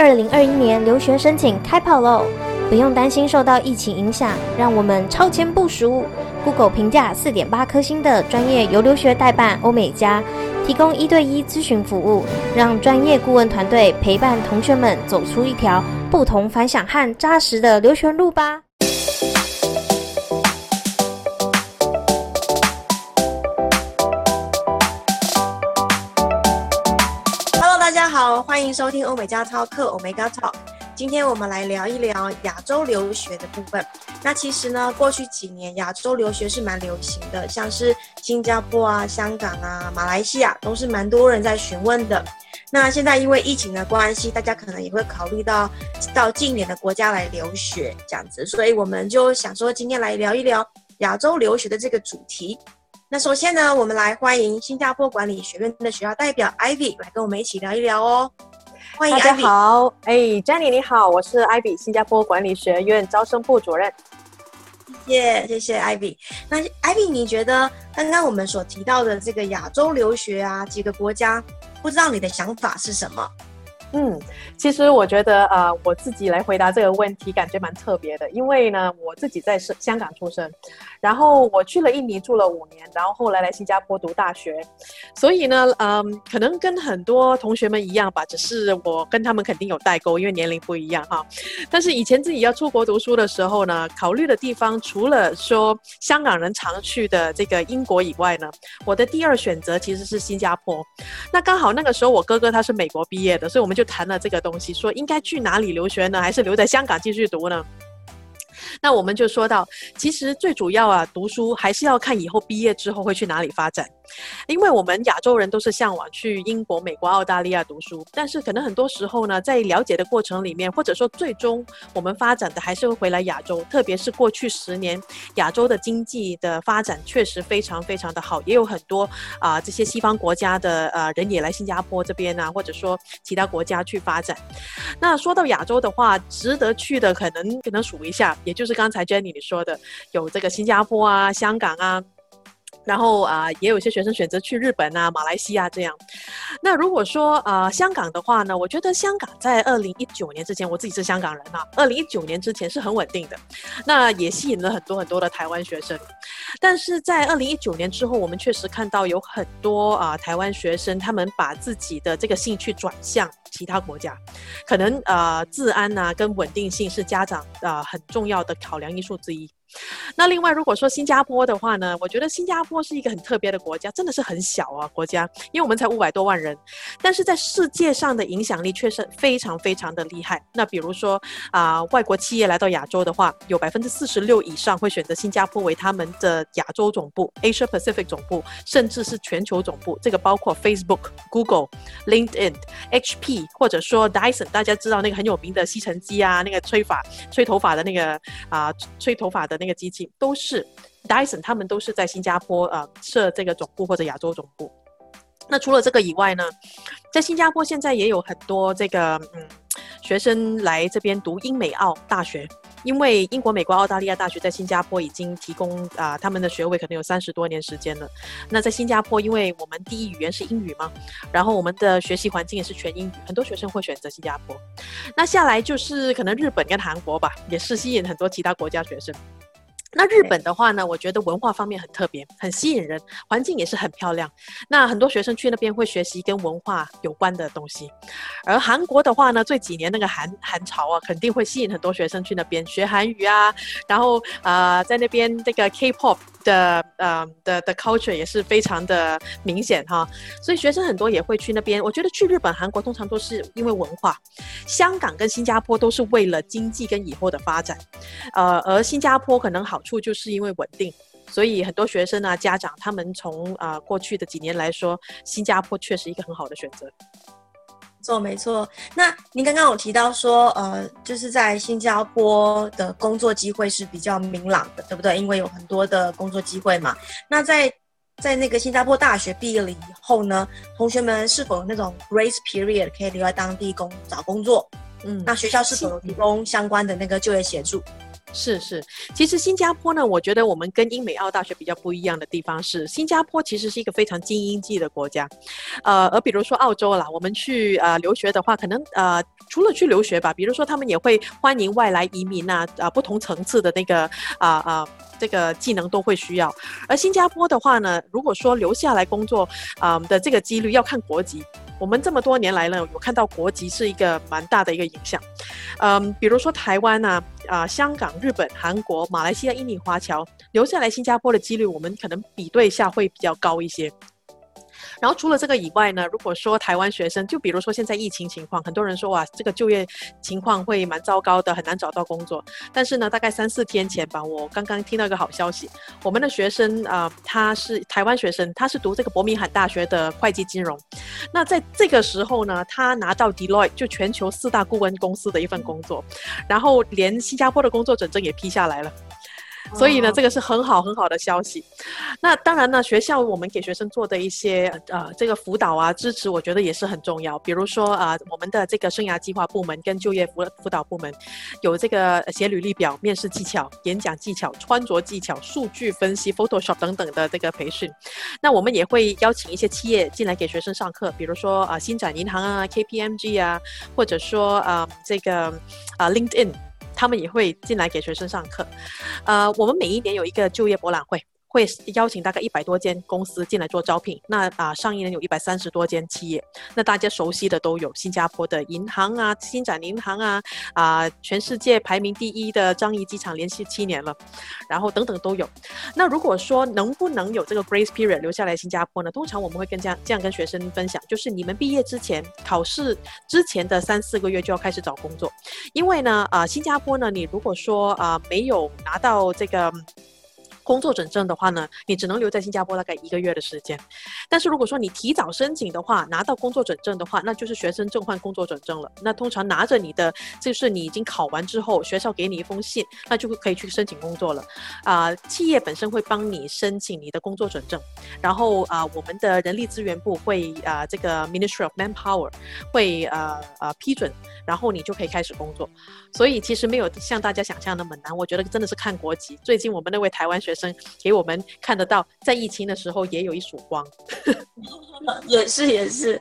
二零二一年留學申請開跑嘍！不用擔心受到疫情影響，讓我們超前部署。Google 評價四點八顆星的專業遊留學代辦歐美加，提供一對一諮詢服務，讓專業顧問團隊陪伴同學們走出一條不同凡響和扎實的留學路吧。歡迎收聽歐美加操課，Omega Talk。今天我們來聊一聊亞洲留學的部分。那其實呢，過去幾年亞洲留學是蠻流行的，像是新加坡啊、香港啊、馬來西亞都是蠻多人在詢問的。那現在因為疫情的關係，大家可能也會考慮到到近點的國家來留學這樣子，所以我們就想說今天來聊一聊亞洲留學的這個主題。那首先呢，我們來歡迎新加坡管理學院的學校代表 Ivy 來跟我們一起聊一聊哦。歡迎，大家好，哎，Jenny 你好，我是 Ivy，新加坡管理學院招生部主任。Yeah, 謝謝，謝謝 Ivy。那 Ivy，你覺得剛剛我們所提到的這個亞洲留學啊，幾個國家，不知道你的想法是什麼？嗯，其實我覺得，呃，我自己來回答這個問題，感覺蠻特別的，因為呢，我自己在是香港出生，然後我去了印尼住了五年，然後後來來新加坡讀大學，所以呢，嗯、呃，可能跟很多同學們一樣吧，只是我跟他們肯定有代溝，因為年齡不一樣哈。但是以前自己要出國讀書的時候呢，考慮的地方除了說香港人常去的這個英國以外呢，我的第二選擇其實是新加坡。那剛好那個時候我哥哥他是美國畢業的，所以我們就。就談了這個東西，說應該去哪裡留學呢？還是留在香港繼續讀呢？那我們就說到，其實最主要啊，讀書還是要看以後畢業之後會去哪裡發展。因為我們亞洲人都是嚮往去英國、美國、澳大利亞讀書，但是可能很多時候呢，在了解的過程裡面，或者說最終我們發展的還是會回來亞洲。特別是過去十年，亞洲的經濟的發展確實非常非常的好，也有很多啊、呃、這些西方國家的呃人也來新加坡這邊啊，或者說其他國家去發展。那說到亞洲的話，值得去的可能可能數一下，也就是剛才 Jenny 你說的，有這個新加坡啊、香港啊。然後啊、呃，也有些學生選擇去日本啊、馬來西亞這樣。那如果說啊、呃，香港的話呢，我覺得香港在二零一九年之前，我自己是香港人啊，二零一九年之前是很穩定的，那也吸引了很多很多的台灣學生。但是在二零一九年之後，我們確實看到有很多啊、呃、台灣學生，他們把自己的這個興趣轉向其他國家，可能啊、呃、治安啊跟穩定性是家長啊、呃、很重要的考量因素之一。那另外，如果說新加坡的話呢，我覺得新加坡是一個很特別的國家，真的是很小啊國家，因為我們才五百多萬人，但是在世界上的影響力卻是非常非常的厲害。那比如說啊、呃，外國企業來到亞洲的話，有百分之四十六以上會選擇新加坡為他們的亞洲總部、Asia Pacific 總部，甚至是全球總部。這個包括 Facebook、Google、LinkedIn、HP，或者說 Dyson，大家知道那個很有名的吸塵機啊，那個吹髮、吹頭髮的那個啊、呃、吹頭髮的。那個機器都是 Dyson，他們都是在新加坡啊、呃、設這個總部，或者亞洲總部。那除了這個以外呢，在新加坡現在也有很多這個嗯學生來這邊讀英美澳大學，因為英國、美國、澳大利亞大學在新加坡已經提供啊、呃、他們的學位，可能有三十多年時間了。那在新加坡，因為我們第一語言是英語嘛，然後我們的學習環境也是全英語，很多學生會選擇新加坡。那下來就是可能日本跟韓國吧，也是吸引很多其他國家學生。那日本的話呢，我覺得文化方面很特別，很吸引人，環境也是很漂亮。那很多學生去那邊會學習跟文化有關的東西。而韓國的話呢，這幾年那個韓韓潮啊，肯定會吸引很多學生去那邊學韓語啊，然後啊、呃，在那邊這個 K-pop。的呃的的 culture 也是非常的明顯哈，huh? 所以學生很多也會去那邊。我覺得去日本、韓國通常都是因為文化，香港跟新加坡都是為了經濟跟以後的發展。呃，而新加坡可能好處就是因為穩定，所以很多學生啊、家長他們從啊、呃、過去的幾年來說，新加坡確實一個很好的選擇。錯，沒錯。那您剛剛有提到說，呃，就是在新加坡的工作機會是比較明朗的，對不對？因為有很多的工作機會嘛。那在在那個新加坡大學畢業了以後呢，同學們是否有那種 grace period 可以留在當地工找工作？嗯，那學校是否有提供相關的那個就業協助？是是，其實新加坡呢，我覺得我們跟英美澳大學比較不一樣的地方是，新加坡其實是一個非常精英級的國家，呃，而比如說澳洲啦，我們去呃留學的話，可能呃除了去留學吧，比如說他們也會歡迎外來移民吶、啊，啊、呃、不同層次的那個啊啊、呃呃、這個技能都會需要，而新加坡的話呢，如果說留下來工作，啊、呃、的這個幾率要看國籍。我們這麼多年來呢，有看到國籍是一個蠻大的一個影響，嗯，比如說台灣呢、啊，啊、呃，香港、日本、韓國、馬來西亞、印尼華僑留下來新加坡的幾率，我們可能比對一下會比較高一些。然後除了這個以外呢，如果說台灣學生，就比如說現在疫情情況，很多人說哇，這個就業情況會蠻糟糕的，很難找到工作。但是呢，大概三四天前吧，我剛剛聽到一個好消息，我們的學生啊、呃，他是台灣學生，他是讀這個伯明翰大學的會計金融。那在這個時候呢，他拿到 Deloitte 就全球四大顧問公司的一份工作，然後連新加坡的工作准證也批下來了。所以呢，oh. 這個是很好很好的消息。那當然呢，學校我們給學生做的一些呃這個輔導啊支持，我覺得也是很重要。比如說啊、呃，我們的這個生涯計劃部門跟就業輔輔導部門，有這個寫履歷表、面試技巧、演講技巧、穿着技巧、數據分析、Photoshop 等等的這個培訓。那我們也會邀請一些企業進來給學生上課，比如說啊，呃、星展銀行啊、KPMG 啊，或者說啊、呃、這個啊、呃、LinkedIn。他們也會進來給學生上課，呃，我們每一年有一個就業博覽會。會邀請大概一百多間公司進來做招聘，那啊、呃，上一年有一百三十多間企業，那大家熟悉的都有新加坡的銀行啊，星展銀行啊，啊、呃，全世界排名第一的樟宜機場連續七年了，然後等等都有。那如果說能不能有這個 grace period 留下來新加坡呢？通常我們會跟這樣這樣跟學生分享，就是你們畢業之前考試之前的三四個月就要開始找工作，因為呢，啊、呃，新加坡呢，你如果說啊、呃、沒有拿到這個。工作准證的話呢，你只能留在新加坡大概一個月的時間。但是如果說你提早申請的話，拿到工作准證的話，那就是學生證換工作准證了。那通常拿着你的，就是你已經考完之後，學校給你一封信，那就可以去申請工作了。啊、呃，企業本身會幫你申請你的工作准證，然後啊、呃，我們的人力資源部會啊、呃，這個 Ministry of Manpower 會呃呃批准，然後你就可以開始工作。所以其實沒有像大家想象的那麼難，我覺得真的是看國籍。最近我們那位台灣學。給我們看得到，在疫情的時候也有一束光，也 是也是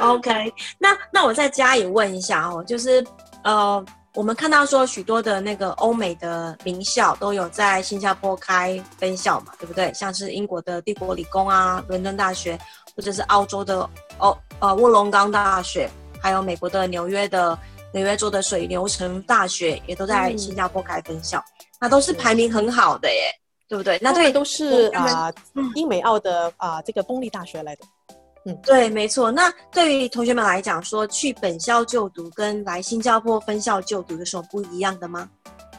，OK 那。那那我在家也問一下哦，就是呃，我們看到說許多的那個歐美的名校都有在新加坡開分校嘛，對不對？像是英國的帝國理工啊、倫敦大學，或者是澳洲的哦呃臥龍崗大學，還有美國的紐約的紐約州的水牛城大學，也都在新加坡開分校，嗯、那都是排名很好的耶。對不對？那這些都是、嗯、啊，們英美澳的、嗯、啊，這個公立大學來的。嗯，對，沒錯。那對於同學們來講，說去本校就讀跟來新加坡分校就讀有什麼不一樣的嗎？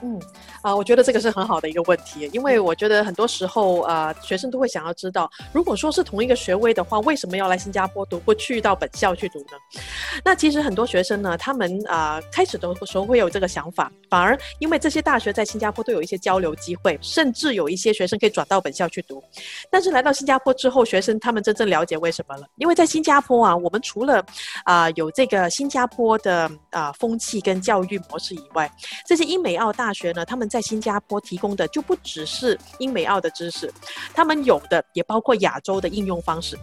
嗯，啊，我覺得這個是很好的一個問題，因為我覺得很多時候啊、呃，學生都會想要知道，如果說是同一個學位的話，為什麼要來新加坡讀，或去到本校去讀呢？那其實很多學生呢，他們啊、呃、開始的時候會有這個想法，反而因為這些大學在新加坡都有一些交流機會，甚至有一些學生可以轉到本校去讀。但是來到新加坡之後，學生他們真正了解為什麼了，因為在新加坡啊，我們除了啊、呃、有這個新加坡的啊、呃、風氣跟教育模式以外，這些英美澳大。大學呢，他們在新加坡提供的就不只是英美澳的知識，他們有的也包括亞洲的應用方式。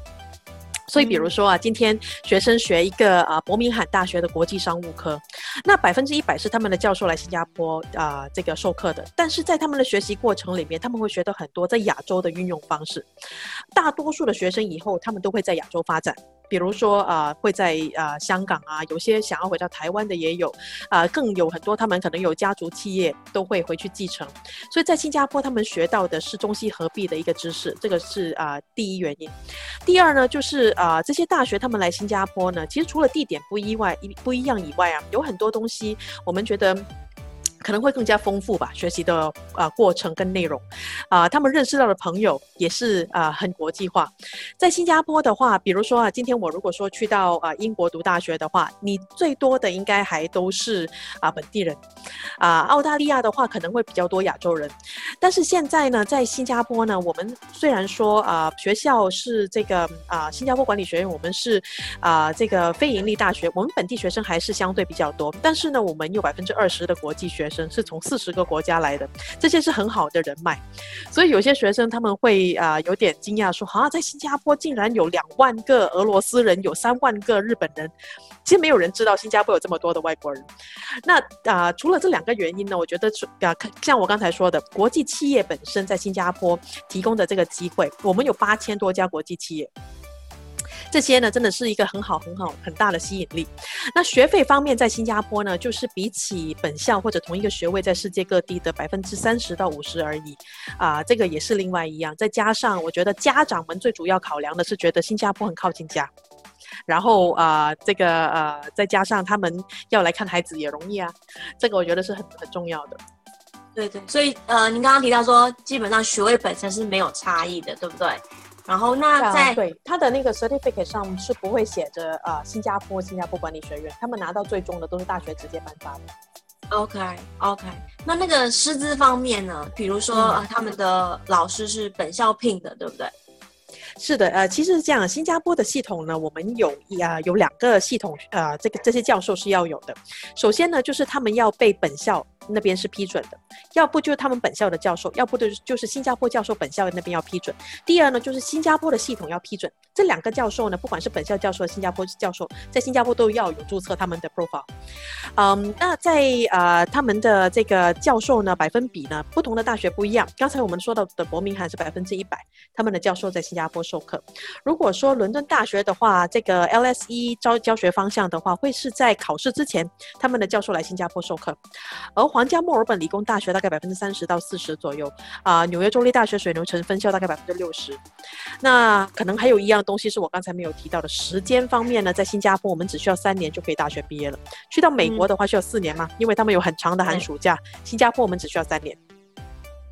所以，比如說啊，今天學生學一個啊，伯明翰大學的國際商務科，那百分之一百是他們的教授來新加坡啊這個授課的，但是在他們的學習過程裡面，他們會學到很多在亞洲的運用方式。大多數的學生以後他們都會在亞洲發展。比如說啊、呃，會在啊、呃、香港啊，有些想要回到台灣的也有，啊、呃、更有很多他們可能有家族企業都會回去繼承，所以在新加坡他們學到的是中西合璧的一個知識，這個是啊、呃、第一原因。第二呢，就是啊、呃、這些大學他們來新加坡呢，其實除了地點不意外一不一樣以外啊，有很多東西我們覺得。可能會更加豐富吧，學習的啊、呃、過程跟內容，啊、呃，他們認識到的朋友也是啊、呃、很國際化。在新加坡的話，比如說啊，今天我如果說去到啊、呃、英國讀大學的話，你最多的應該還都是啊、呃、本地人，啊、呃、澳大利亞的話可能會比較多亞洲人，但是現在呢，在新加坡呢，我們雖然說啊、呃、學校是這個啊、呃、新加坡管理學院，我們是啊、呃、這個非盈利大學，我們本地學生還是相對比較多，但是呢，我們有百分之二十的國際學生。是從四十個國家來的，這些是很好的人脈，所以有些學生他們會啊、呃、有點驚訝說啊，在新加坡竟然有兩萬個俄羅斯人，有三萬個日本人，其實沒有人知道新加坡有這麼多的外國人。那啊、呃，除了這兩個原因呢，我覺得、呃、像我剛才說的，國際企業本身在新加坡提供的這個機會，我們有八千多家國際企業。這些呢，真的是一個很好,很好、很好、很大的吸引力。那學費方面，在新加坡呢，就是比起本校或者同一個學位在世界各地的百分之三十到五十而已。啊、呃，這個也是另外一樣。再加上，我覺得家長們最主要考量的是覺得新加坡很靠近家，然後啊、呃，這個呃，再加上他們要來看孩子也容易啊，這個我覺得是很很重要的。對對，所以呃，您剛剛提到說，基本上學位本身是沒有差異的，對不對？然後那在對他、啊、的那個 certificate 上是不會寫着呃，新加坡、新加坡管理學院，他們拿到最終的都是大學直接頒發的。OK OK，那那個師資方面呢？比如說、啊、呃、他們的老師是本校聘的，對不對？是的，呃，其實是這樣。新加坡的系統呢，我們有啊有兩個系統，呃，這個這些教授是要有的。首先呢，就是他們要被本校那邊是批准的，要不就是他們本校的教授，要不就是就是新加坡教授本校那邊要批准。第二呢，就是新加坡的系統要批准。這兩個教授呢，不管是本校教授、新加坡教授，在新加坡都要有注冊他們的 profile。嗯，那在呃他們的這個教授呢，百分比呢，不同的大學不一樣。剛才我們說到的伯明翰是百分之一百，他們的教授在新加坡，授課。如果說倫敦大學的話，這個 LSE 招教學方向的話，會是在考試之前，他們的教授來新加坡授課。而皇家墨爾本理工大學大概百分之三十到四十左右啊，呃，紐約州立大學水牛城分校大概百分之六十。那可能還有一樣東西是我剛才沒有提到的，時間方面呢，在新加坡我們只需要三年就可以大學畢業了。去到美國的話需要四年嘛，因為他們有很長的寒暑假，嗯、新加坡我們只需要三年。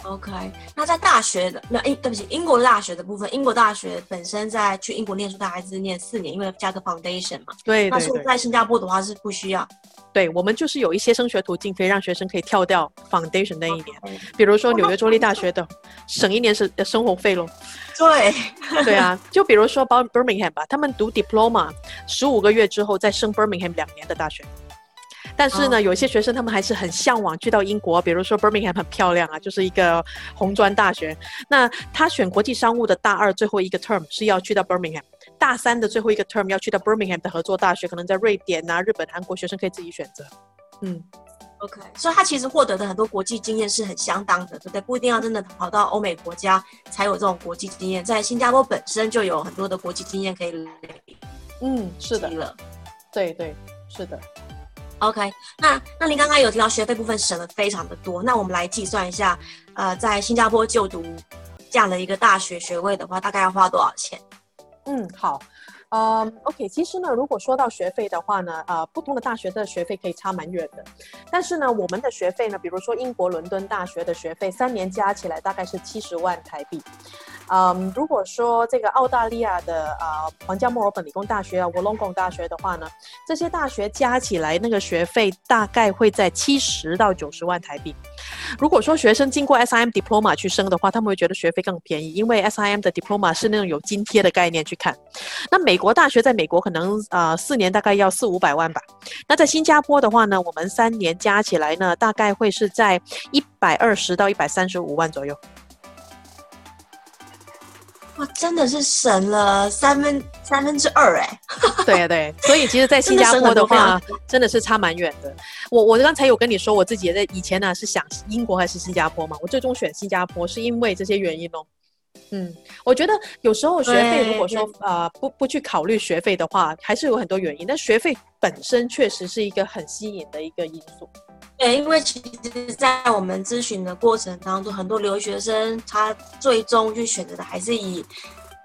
OK，那在大學的，那、嗯、英，對不起，英國大學的部分，英國大學本身在去英國念書大概是念四年，因為加個 foundation 嘛。對，但是在新加坡的話是不需要，對對對。對，我們就是有一些升學途徑，可以讓學生可以跳掉 foundation 那一年，okay, 對比如說紐約州立大學的， 省一年是的生活費咯。對， 對啊，就比如說包 Birmingham 吧，他們讀 diploma 十五個月之後再升 Birmingham 兩年的大學。但是呢，哦、有一些學生他們還是很嚮往去到英國，比如說 Birmingham 很漂亮啊，就是一個紅磚大學。那他選國際商務的大二最後一個 term 是要去到 Birmingham，大三的最後一個 term 要去到 Birmingham 的合作大學，可能在瑞典啊、日本、韓國，學生可以自己選擇。嗯，OK，所以他其實獲得的很多國際經驗是很相當的，對不對？不一定要真的跑到歐美國家才有這種國際經驗，在新加坡本身就有很多的國際經驗可以累累。嗯，是的。了，對對，是的。OK，那那您剛剛有提到學費部分省了非常的多，那我們來計算一下，呃，在新加坡就讀這樣的一個大學學位的話，大概要花多少錢？嗯，好。嗯、um，OK，其實呢，如果說到學費的話呢，呃，不同的大學的學費可以差蠻遠的。但是呢，我們的學費呢，比如說英國倫敦大學的學費，三年加起來大概是七十萬台幣。嗯，如果說這個澳大利亞的啊、呃，皇家墨爾本理工大學啊，臥、呃、龍崗大學的話呢，這些大學加起來那個學費大概會在七十到九十萬台幣。如果說學生經過 SIM Diploma 去升的話，他們會覺得學費更便宜，因為 SIM 的 Diploma 是那種有津貼的概念去看。那美國大學在美國可能啊、呃、四年大概要四五百萬吧。那在新加坡的話呢，我們三年加起來呢，大概會是在一百二十到一百三十五萬左右。哇，真的是省了三分三分之二哎、欸！ 對對，所以其實，在新加坡的話，真的，話真的是差蠻遠的。我我剛才有跟你說，我自己也在以前呢、啊、是想英國還是新加坡嘛，我最終選新加坡，是因為這些原因哦。嗯，我覺得有時候學費如果說呃不不去考慮學費的話，還是有很多原因，但學費本身確實是一個很吸引的一個因素。對，因為其實在我們諮詢的過程當中，很多留學生他最終去選擇的還是以，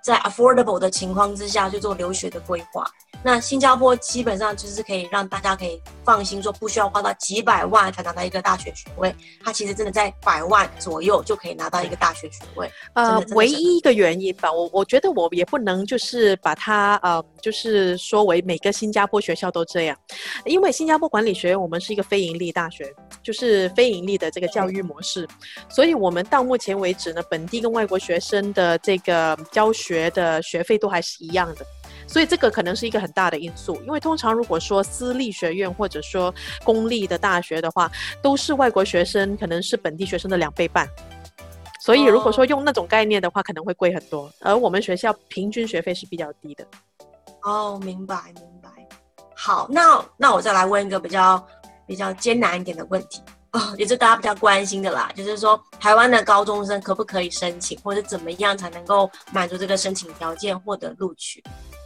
在 affordable 的情況之下去做留學的規劃，那新加坡基本上就是可以讓大家可以放心說，不需要花到幾百萬才拿到一個大學學位，他其實真的在百萬左右就可以拿到一個大學學位。對的呃，唯一一個原因吧，我我覺得我也不能就是把它呃就是說為每個新加坡學校都這樣，因為新加坡管理學院我們是一個非營利大學，就是非營利的這個教育模式，對所以我們到目前為止呢，本地跟外國學生的這個教學。學的學費都還是一樣的，所以這個可能是一個很大的因素。因為通常如果說私立學院或者說公立的大學的話，都是外國學生可能是本地學生的兩倍半，所以如果說用那種概念的話，哦，可能會貴很多。而我們學校平均學費是比較低的。哦，明白，明白。好，那那我再來問一個比較比較艱難一點的問題。哦，也是大家比較關心的啦，就是說，台灣的高中生可不可以申請，或者怎麼樣才能夠滿足這個申請條件獲得錄取？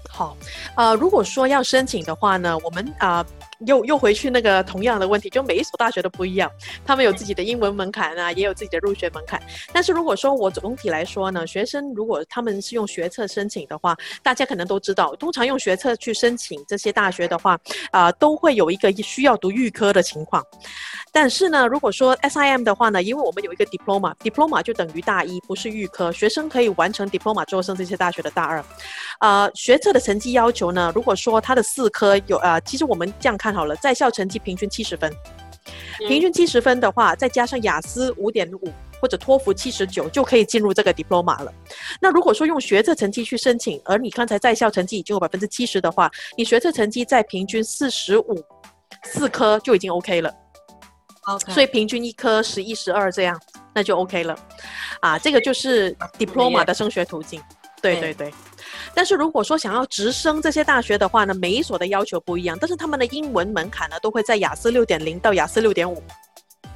好，呃，如果說要申請的話呢，我們啊。呃又又回去那個同樣的問題，就每一所大學都不一樣，他們有自己的英文門檻啊，也有自己的入學門檻。但是如果說我總體來說呢，學生如果他們是用學測申請的話，大家可能都知道，通常用學測去申請這些大學的話，啊、呃，都會有一個需要讀預科的情況。但是呢，如果說 SIM 的話呢，因為我們有一個 diploma，diploma di 就等於大一，不是預科，學生可以完成 diploma 之後升這些大學的大二。啊、呃，學測的成績要求呢，如果說他的四科有啊、呃，其實我們這樣看。好了，在校成績平均七十分，平均七十分的話，再加上雅思五點五或者托福七十九，就可以進入這個 diploma 了。那如果說用學測成績去申請，而你剛才在校成績已經有百分之七十的話，你學測成績在平均四十五四科就已經 OK 了。OK，所以平均一科十一十二這樣，那就 OK 了。啊，這個就是 diploma 的升學途徑。Okay. 對對對，但是如果說想要直升這些大學的話呢，每一所的要求不一樣，但是他們的英文門檻呢都會在雅思六點零到雅思六點五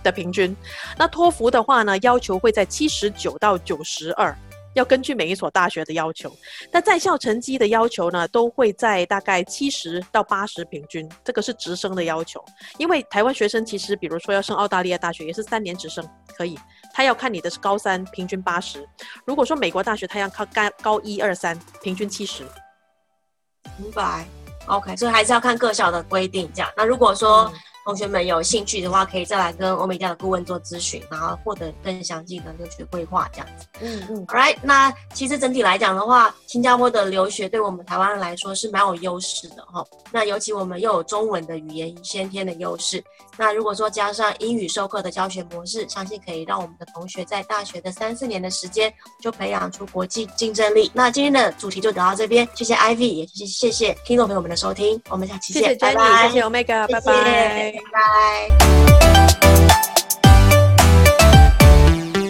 的平均，那托福的話呢要求會在七十九到九十二，要根據每一所大學的要求，那在校成績的要求呢都會在大概七十到八十平均，這個是直升的要求，因為台灣學生其實比如說要升澳大利亞大學也是三年直升可以。他要看你的是高三平均八十，如果說美國大學，他要看高高一二三平均七十，明白？OK，所以還是要看各校的規定，這樣。那如果說、嗯。同學們有興趣的話，可以再來跟歐美加的顧問做諮詢，然後獲得更詳細的留學規劃這樣子。嗯嗯，Alright 那其實整體來講的話，新加坡的留學對我們台灣人來說是蠻有優勢的哈。那尤其我們又有中文的語言先天的優勢，那如果說加上英語授課的教學模式，相信可以讓我們的同學在大學的三四年的時間就培養出國際競爭力。那今天的主題就聊到這邊，謝謝 Ivy，也謝謝聽眾朋友們的收聽，我們下期見，拜拜。謝謝 Omega，拜拜。拜拜。